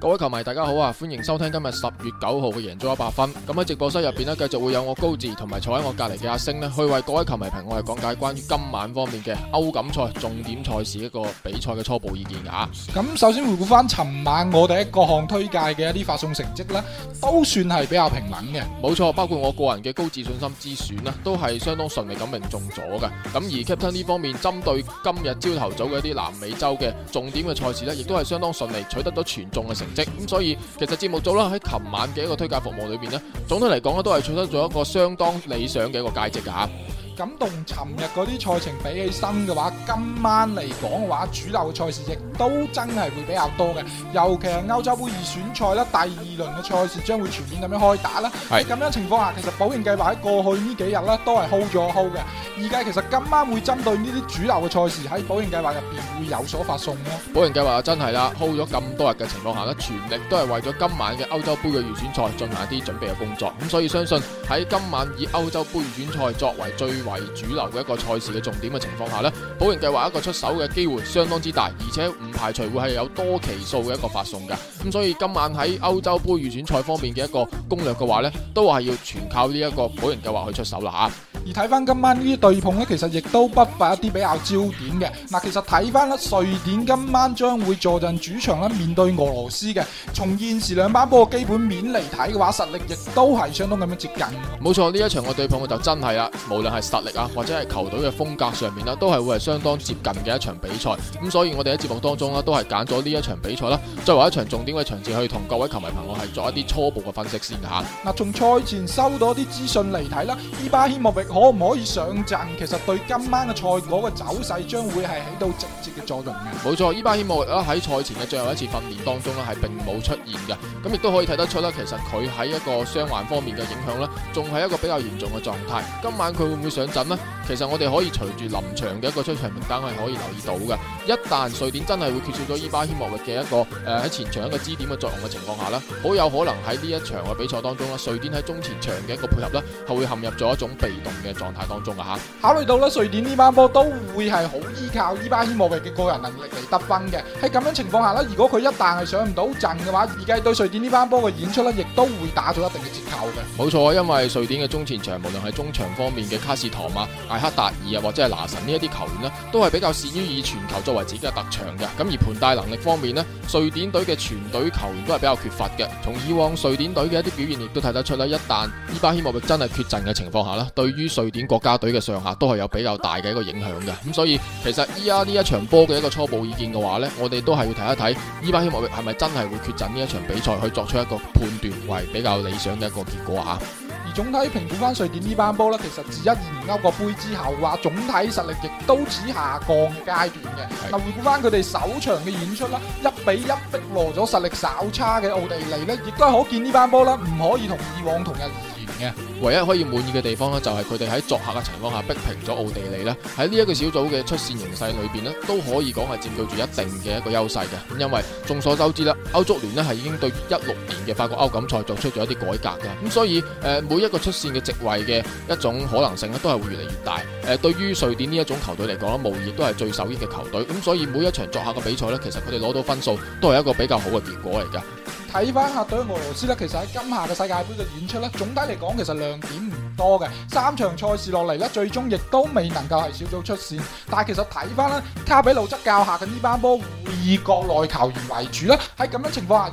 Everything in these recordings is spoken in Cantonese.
各位球迷大家好啊，歡迎收聽今日十月九號嘅贏足一百分。咁喺直播室入邊咧，繼續會有我高志同埋坐喺我隔籬嘅阿星咧，去為各位球迷朋友講解關於今晚方面嘅歐錦賽重點賽事一個比賽嘅初步意見啊。咁首先回顧翻尋晚我哋喺各項推介嘅一啲發送成績咧，都算係比較平穩嘅。冇錯，包括我個人嘅高智信心之選咧，都係相當順利咁命中咗嘅。咁而 Captain 呢方面，針對今日朝頭早嘅一啲南美洲嘅重點嘅賽事咧，亦都係相當順利取得咗全中嘅成。咁所以其實節目組啦喺琴晚嘅一個推介服務裏邊咧，總體嚟講咧都係取得咗一個相當理想嘅一個佳績㗎嚇。咁同尋日嗰啲賽程比起身嘅話，今晚嚟講嘅話，主流嘅賽事亦都真係會比較多嘅，尤其係歐洲杯預選賽啦，第二輪嘅賽事將會全面咁樣開打啦。喺咁是樣情況下，其實保盈計劃喺過去呢幾日呢都係 hold 咗 hold 嘅。而家其實今晚會針對呢啲主流嘅賽事喺保盈計劃入邊會有所發送咯。保盈計劃真係啦，hold 咗咁多日嘅情況下咧，全力都係為咗今晚嘅歐洲杯嘅預選賽進行一啲準備嘅工作。咁所以相信喺今晚以歐洲杯預選賽作為最為主流嘅一個賽事嘅重點嘅情況下呢，保盈計劃一個出手嘅機會相當之大，而且唔排除會係有多期數嘅一個發送噶。咁、嗯、所以今晚喺歐洲杯預選賽方面嘅一個攻略嘅話呢，都係要全靠呢一個保盈計劃去出手啦吓。而睇翻今晚呢啲對碰呢，其實亦都不乏一啲比較焦點嘅。嗱，其實睇翻啦，瑞典今晚將會坐陣主場啦，面對俄羅斯嘅。從現時兩班波嘅基本面嚟睇嘅話，實力亦都係相當咁樣接近。冇錯，呢一場嘅對碰就真係啦，無論係實力啊，或者係球隊嘅風格上面啦，都係會係相當接近嘅一場比賽。咁所以，我哋喺節目當中呢，都係揀咗呢一場比賽啦，作為一場重點嘅場次，去同各位球迷朋友係做一啲初步嘅分析先吓。嗱，啊，從賽前收到啲資訊嚟睇啦，伊巴謙莫可唔可以上陣？其實對今晚嘅賽果嘅走勢，將會係起到直接嘅作用。冇錯，伊巴希莫喺賽前嘅最後一次訓練當中咧，係並冇出現嘅。咁亦都可以睇得出啦。其實佢喺一個傷患方面嘅影響呢，仲係一個比較嚴重嘅狀態。今晚佢會唔會上陣呢？其實我哋可以隨住臨場嘅一個出場名單係可以留意到嘅。一旦瑞典真係會缺少咗伊巴希莫域嘅一個誒喺、呃、前場一個支點嘅作用嘅情況下呢，好有可能喺呢一場嘅比賽當中咧，瑞典喺中前場嘅一個配合呢，係會陷入咗一種被動嘅狀態當中嘅吓。考慮到咧，瑞典呢班波都會係好依靠伊巴希莫域嘅個人能力嚟得分嘅。喺咁樣情況下呢，如果佢一旦係上唔到陣嘅話，而家對瑞典呢班波嘅演出呢，亦都會打咗一定嘅折扣嘅。冇錯，因為瑞典嘅中前場無論係中場方面嘅卡士唐、馬、艾克達爾啊，或者係拿神呢一啲球員呢，都係比較善於以全球。作為自己嘅特長嘅，咁而盤帶能力方面咧，瑞典隊嘅全隊球員都係比較缺乏嘅。從以往瑞典隊嘅一啲表現，亦都睇得出啦。一旦伊巴希莫域真係缺陣嘅情況下咧，對於瑞典國家隊嘅上下都係有比較大嘅一個影響嘅。咁、嗯、所以，其實依家呢一場波嘅一個初步意見嘅話咧，我哋都係要睇一睇伊巴希莫域係咪真係會缺陣呢一場比賽，去作出一個判斷，為比較理想嘅一個結果啊。總體評估翻瑞典呢班波咧，其實自一二年歐國杯之後話，總體實力亦都只下降嘅階段嘅。嗱，回顧翻佢哋首場嘅演出啦，一比一逼和咗實力稍差嘅奧地利咧，亦都係可見呢班波咧唔可以同以往同日。唯一可以滿意嘅地方咧，就係佢哋喺作客嘅情況下逼平咗奧地利咧。喺呢一個小組嘅出線形勢裏邊咧，都可以講係佔據住一定嘅一個優勢嘅。因為眾所周知啦，歐足聯咧係已經對一六年嘅法國歐錦賽作出咗一啲改革嘅。咁所以誒，每一個出線嘅席位嘅一種可能性咧，都係會越嚟越大。誒，對於瑞典呢一種球隊嚟講，無疑都係最受益嘅球隊。咁所以每一場作客嘅比賽咧，其實佢哋攞到分數都係一個比較好嘅結果嚟噶。睇翻下對俄羅斯咧，其實喺今夏嘅世界盃嘅演出咧，總體嚟講其實亮點唔多嘅，三場賽事落嚟咧，最終亦都未能夠係小組出線。但係其實睇翻咧，卡比路則教下嘅呢班波，會以國內球員為主啦，喺咁樣情況下。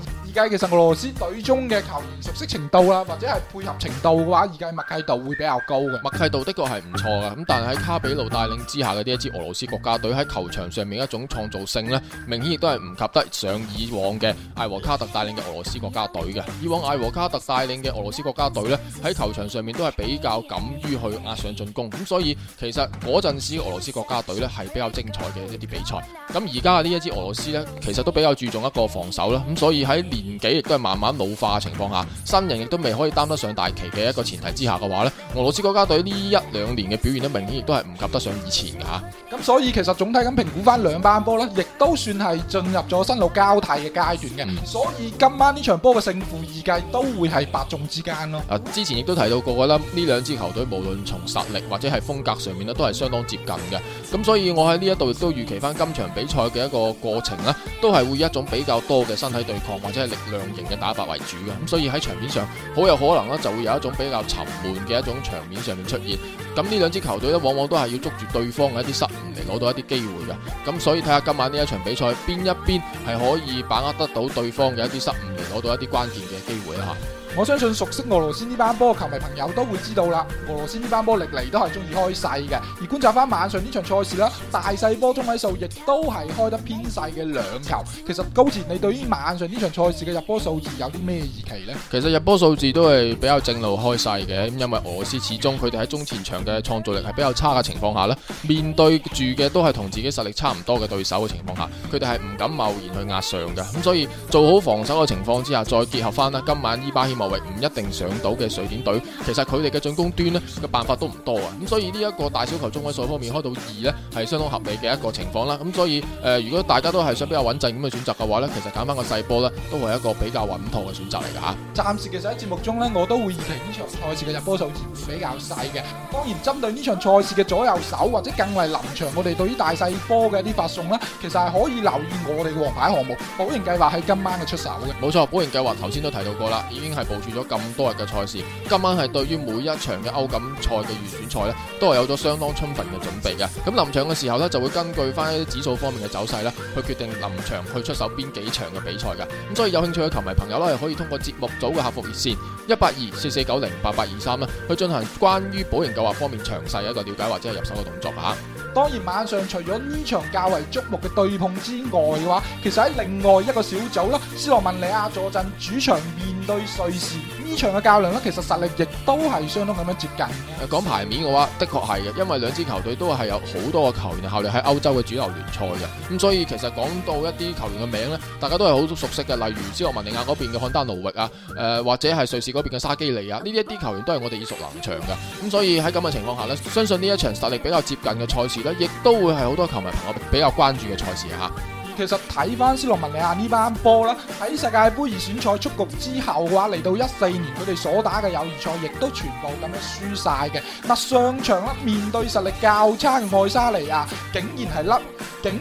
其實俄羅斯隊中嘅球員熟悉程度啊，或者係配合程度嘅話，而家默契度會比較高嘅。默契度的確係唔錯嘅，咁但係喺卡比路帶領之下嘅呢一支俄羅斯國家隊喺球場上面一種創造性呢，明顯亦都係唔及得上以往嘅艾和卡特帶領嘅俄羅斯國家隊嘅。以往艾和卡特帶領嘅俄羅斯國家隊呢，喺球場上面都係比較敢於去壓上進攻，咁所以其實嗰陣時俄羅斯國家隊呢，係比較精彩嘅一啲比賽。咁而家呢一支俄羅斯呢，其實都比較注重一個防守啦，咁所以喺連。年紀亦都係慢慢老化嘅情況下，新人亦都未可以擔得上大旗嘅一個前提之下嘅話呢，俄羅斯國家隊呢一兩年嘅表現咧明顯亦都係唔及得上以前噶吓。咁所以其實總體咁評估翻兩班波呢，亦都算係進入咗新老交替嘅階段嘅。嗯，所以今晚呢場波嘅勝負意見都會係八中之間咯。啊，之前亦都提到過啦，呢兩支球隊無論從實力或者係風格上面咧都係相當接近嘅。咁所以我喺呢一度亦都預期翻今場比賽嘅一個過程呢，都係會一種比較多嘅身體對抗或者係量型嘅打法為主嘅，咁所以喺場面上好有可能咧，就會有一種比較沉悶嘅一種場面上面出現。咁呢兩支球隊咧，往往都係要捉住對方嘅一啲失誤嚟攞到一啲機會嘅。咁所以睇下今晚呢一場比賽邊一邊係可以把握得到對方嘅一啲失誤，嚟攞到一啲關鍵嘅機會吓。我相信熟悉俄羅斯呢班波球迷朋友都會知道啦，俄羅斯呢班波歷嚟都係中意開細嘅。而觀察翻晚上呢場賽事啦，大細波中位數亦都係開得偏細嘅兩球。其實高前，你對於晚上呢場賽事嘅入波數字有啲咩預期咧？其實入波數字都係比較正路開細嘅，因為俄羅斯始終佢哋喺中前場嘅創造力係比較差嘅情況下咧，面對住嘅都係同自己實力差唔多嘅對手嘅情況下，佢哋係唔敢貿然去壓上嘅。咁所以做好防守嘅情況之下，再結合翻啦，今晚呢巴。唔一定上到嘅瑞典隊，其實佢哋嘅進攻端呢，嘅辦法都唔多啊，咁所以呢一個大小球中位數方面開到二呢，係相當合理嘅一個情況啦。咁所以誒、呃，如果大家都係想比較穩陣咁嘅選擇嘅話呢，其實揀翻個細波呢，都係一個比較穩妥嘅選擇嚟嘅吓。暫時其實喺節目中呢，我都會預期呢場賽事嘅入波數會比較細嘅。當然，針對呢場賽事嘅左右手或者更為臨場，我哋對於大細波嘅一啲發送呢，其實係可以留意我哋嘅王牌項目保盈計劃喺今晚嘅出手嘅。冇錯，保盈計劃頭先都提到過啦，已經係。部署咗咁多日嘅賽事，今晚係對於每一場嘅歐錦賽嘅預選賽咧，都係有咗相當充分嘅準備嘅。咁臨場嘅時候呢，就會根據翻啲指數方面嘅走勢咧，去決定臨場去出手邊幾場嘅比賽嘅。咁所以有興趣嘅球迷朋友呢，係可以通過節目組嘅客服熱線一八二四四九零八八二三啦，23，去進行關於保盈計劃方面詳細一個了解或者係入手嘅動作吓。當然晚上除咗呢場較為矚目嘅對碰之外嘅話，其實喺另外一個小組啦，斯洛文尼亞坐鎮主場面對瑞士。場嘅較量啦，其實實力亦都係相當咁樣接近。講牌面嘅話，的確係嘅，因為兩支球隊都係有好多嘅球員效力喺歐洲嘅主流聯賽嘅，咁、嗯、所以其實講到一啲球員嘅名咧，大家都係好熟悉嘅，例如斯洛文尼亞嗰邊嘅漢丹奴域啊，誒、呃、或者係瑞士嗰邊嘅沙基利啊，呢一啲球員都係我哋耳熟能詳嘅，咁、嗯、所以喺咁嘅情況下呢，相信呢一場實力比較接近嘅賽事呢，亦都會係好多球迷朋友比較關注嘅賽事吓。其實睇翻斯洛文尼亞呢班波啦，喺世界杯預選賽出局之後嘅話，嚟到一四年佢哋所打嘅友誼賽，亦都全部咁樣輸晒嘅。嗱，上場啦，面對實力較差嘅愛沙尼亞，竟然係甩。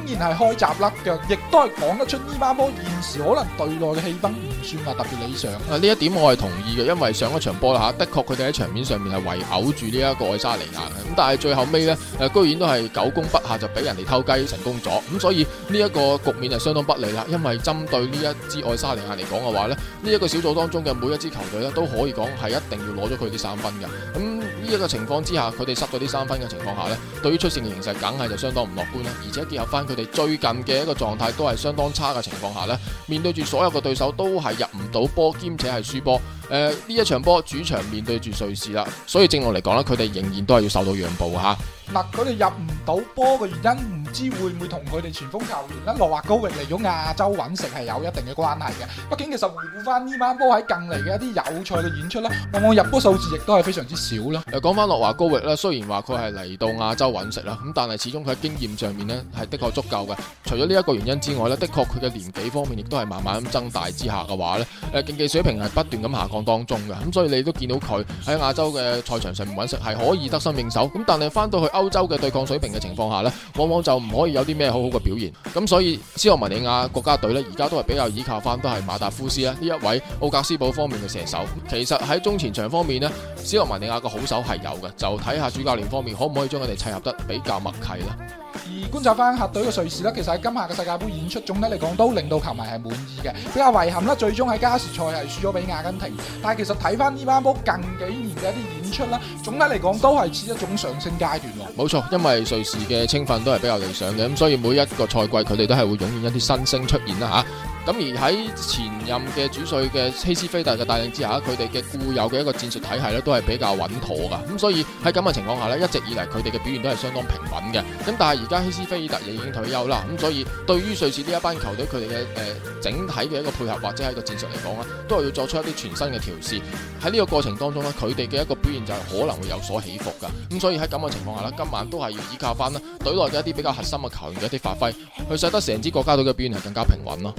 竟然係開閘甩腳，亦都係講得出呢把波現時可能隊內嘅氣氛唔算話特別理想。啊，呢一點我係同意嘅，因為上一場波啦吓，的確佢哋喺場面上面係圍毆住呢一個愛沙尼亞嘅，咁但係最後尾呢，誒、啊、居然都係久攻不下就俾人哋偷雞成功咗，咁、嗯、所以呢一個局面係相當不利啦。因為針對呢一支愛沙尼亞嚟講嘅話咧，呢、這、一個小組當中嘅每一支球隊呢，都可以講係一定要攞咗佢啲三分嘅。嗯呢一個情況之下，佢哋失咗啲三分嘅情況下咧，對於出線嘅形勢，梗係就相當唔樂觀啦。而且結合翻佢哋最近嘅一個狀態，都係相當差嘅情況下咧，面對住所有嘅對手都係入唔到波，兼且係輸波。誒、呃，呢一場波主場面對住瑞士啦，所以正路嚟講咧，佢哋仍然都係要受到讓步吓。嗱，佢哋入唔到波嘅原因，唔知會唔會同佢哋前鋒球員啦，諾華高域嚟咗亞洲揾食係有一定嘅關係嘅。畢竟其實回顧翻呢晚波喺近嚟嘅一啲有趣嘅演出啦，往往入波數字亦都係非常之少啦。誒，講翻諾華高域啦，雖然話佢係嚟到亞洲揾食啦，咁但係始終佢喺經驗上面咧係的確足夠嘅。除咗呢一個原因之外咧，的確佢嘅年紀方面亦都係慢慢咁增大之下嘅話咧，誒競技水平係不斷咁下降當中嘅。咁所以你都見到佢喺亞洲嘅賽場上面揾食係可以得心應手，咁但係翻到去歐洲嘅對抗水平嘅情況下呢，往往就唔可以有啲咩好好嘅表現。咁所以斯洛文尼亞國家隊呢，而家都係比較依靠翻都係馬達夫斯啊呢一位奧格斯堡方面嘅射手。其實喺中前場方面呢，斯洛文尼亞嘅好手係有嘅，就睇下主教練方面可唔可以將佢哋契合得比較默契啦。而觀察翻客隊嘅瑞士咧，其實喺今夏嘅世界盃演出總體嚟講都令到球迷係滿意嘅，比較遺憾啦，最終喺加時賽係輸咗俾阿根廷。但係其實睇翻呢班波近幾年嘅一啲演出啦，總體嚟講都係似一種上升階段喎。冇錯，因為瑞士嘅青訓都係比較理想嘅，咁所以每一個賽季佢哋都係會湧現一啲新星出現啦嚇。啊。咁而喺前任嘅主帥嘅希斯菲特嘅帶領之下，佢哋嘅固有嘅一個戰術體系咧，都係比較穩妥噶。咁、嗯、所以喺咁嘅情況下咧，一直以嚟佢哋嘅表現都係相當平穩嘅。咁、嗯、但係而家希斯菲特亦已經退休啦。咁、嗯、所以對於瑞士呢一班球隊，佢哋嘅誒整體嘅一個配合或者係一個戰術嚟講咧，都係要作出一啲全新嘅調試。喺呢個過程當中咧，佢哋嘅一個表現就係可能會有所起伏噶。咁、嗯、所以喺咁嘅情況下咧，今晚都係要依靠翻咧隊內嘅一啲比較核心嘅球員嘅一啲發揮，去使得成支國家隊嘅表現係更加平穩咯。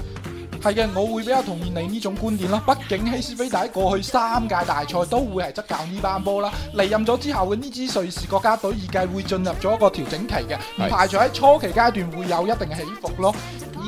係嘅，我會比較同意你呢種觀點咯。畢竟希斯菲特過去三屆大賽都會係執教呢班波啦。離任咗之後嘅呢支瑞士國家隊預計會進入咗一個調整期嘅，唔排除喺初期階段會有一定嘅起伏咯。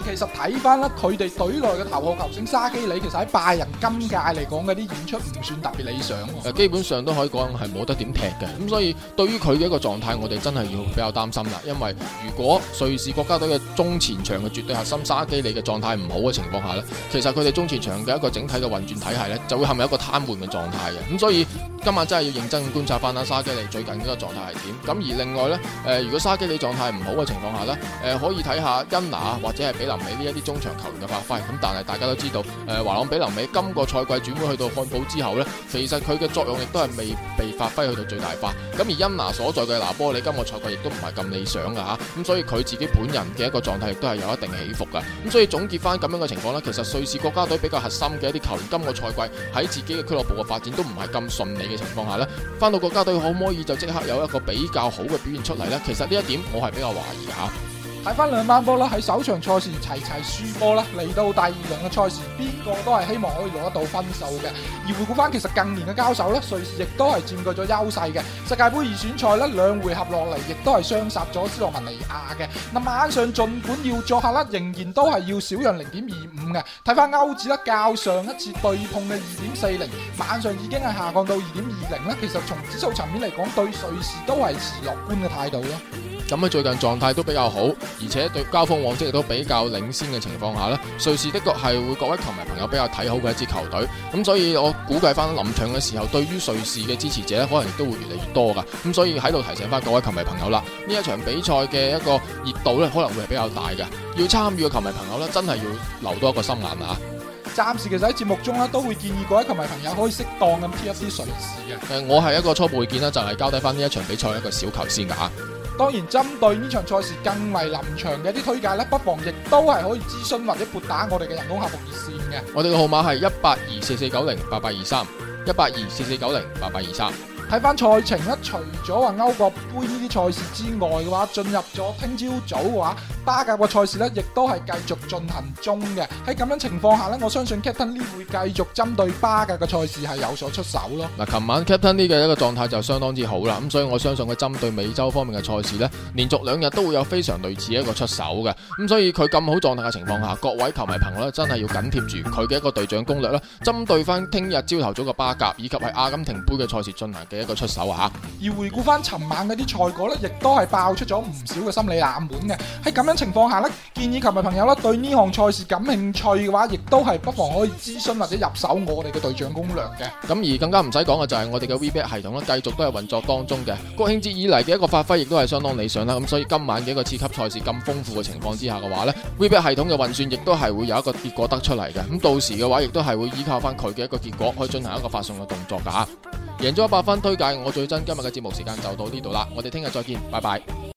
其實睇翻啦，佢哋隊內嘅頭號球星沙基里，其實喺拜仁今屆嚟講嘅啲演出唔算特別理想啊。誒，基本上都可以講係冇得點踢嘅。咁所以對於佢嘅一個狀態，我哋真係要比較擔心啦。因爲如果瑞士國家隊嘅中前場嘅絕對核心沙基里嘅狀態唔好嘅情況下呢，其實佢哋中前場嘅一個整體嘅運轉體系呢，就會陷入一個癱瘓嘅狀態嘅。咁所以今晚真係要認真觀察翻阿沙基里最近嗰個狀態係點。咁而另外呢，誒、呃，如果沙基里狀態唔好嘅情況下呢，誒、呃，可以睇下恩納或者係俾。南美呢一啲中場球員嘅發揮，咁但係大家都知道，誒、呃，華朗比南美今個賽季轉會去到漢堡之後呢，其實佢嘅作用亦都係未被發揮去到最大化。咁而恩拿所在嘅拿波里今個賽季亦都唔係咁理想噶吓，咁，啊、所以佢自己本人嘅一個狀態亦都係有一定起伏噶。咁，啊、所以總結翻咁樣嘅情況呢，其實瑞士國家隊比較核心嘅一啲球員今個賽季喺自己嘅俱樂部嘅發展都唔係咁順利嘅情況下呢，翻到國家隊可唔可以就即刻有一個比較好嘅表現出嚟呢？其實呢一點我係比較懷疑吓。睇翻兩班波啦，喺首場賽事齊齊輸波啦，嚟到第二輪嘅賽事，邊個都係希望可以攞得到分數嘅。而回顧翻其實近年嘅交手呢，瑞士亦都係佔據咗優勢嘅。世界盃預選賽呢，兩回合落嚟，亦都係雙殺咗斯洛文尼亞嘅。嗱、啊、晚上儘管要作客啦，仍然都係要少讓零點二五嘅。睇翻歐指咧，較上一次對碰嘅二點四零，晚上已經係下降到二點二零啦。其實從指數層面嚟講，對瑞士都係持樂觀嘅態度咯。咁喺最近狀態都比較好，而且對交鋒往績亦都比較領先嘅情況下咧，瑞士的確係會各位球迷朋友比較睇好嘅一支球隊。咁所以我估計翻臨場嘅時候，對於瑞士嘅支持者可能亦都會越嚟越多噶。咁所以喺度提醒翻各位球迷朋友啦，呢一場比賽嘅一個熱度咧，可能會係比較大嘅。要參與嘅球迷朋友咧，真係要留多一個心眼啊！暫時其實喺節目中咧，都會建議各位球迷朋友可以適當咁貼一啲瑞士嘅。誒、嗯，我係一個初步意見啦，就係、是、交低翻呢一場比賽一個小球先啊。當然，針對呢場賽事更為臨場嘅啲推介咧，不妨亦都係可以諮詢或者撥打我哋嘅人工客服熱線嘅。我哋嘅號碼係一八二四四九零八八二三，一八二四四九零八八二三。睇翻賽程咧，除咗話歐國杯呢啲賽事之外嘅話，進入咗聽朝早嘅話。巴甲嘅賽事咧，亦都係繼續進行中嘅。喺咁樣情況下咧，我相信 Captain Lee 會繼續針對巴甲嘅賽事係有所出手咯。嗱，琴晚 Captain Lee 嘅一個狀態就係相當之好啦，咁所以我相信佢針對美洲方面嘅賽事咧，連續兩日都會有非常類似一個出手嘅。咁所以佢咁好狀態嘅情況下，各位球迷朋友咧，真係要緊貼住佢嘅一個隊長攻略啦，針對翻聽日朝頭早嘅巴甲以及係阿根廷杯嘅賽事進行嘅一個出手啊！而回顧翻尋晚嗰啲賽果咧，亦都係爆出咗唔少嘅心理冷門嘅。喺咁樣情況下咧，建議球迷朋友啦，對呢項賽事感興趣嘅話，亦都係不妨可以諮詢或者入手我哋嘅隊長攻略嘅。咁而更加唔使講嘅就係我哋嘅 Vbet 系統咧，繼續都係運作當中嘅。國慶節以嚟嘅一個發揮亦都係相當理想啦。咁所以今晚嘅一個次級賽事咁豐富嘅情況之下嘅話咧，Vbet 系統嘅運算亦都係會有一個結果得出嚟嘅。咁到時嘅話，亦都係會依靠翻佢嘅一個結果，去進行一個發送嘅動作噶。贏咗一百分推介，我最真。今日嘅節目時間就到呢度啦，我哋聽日再見，拜拜。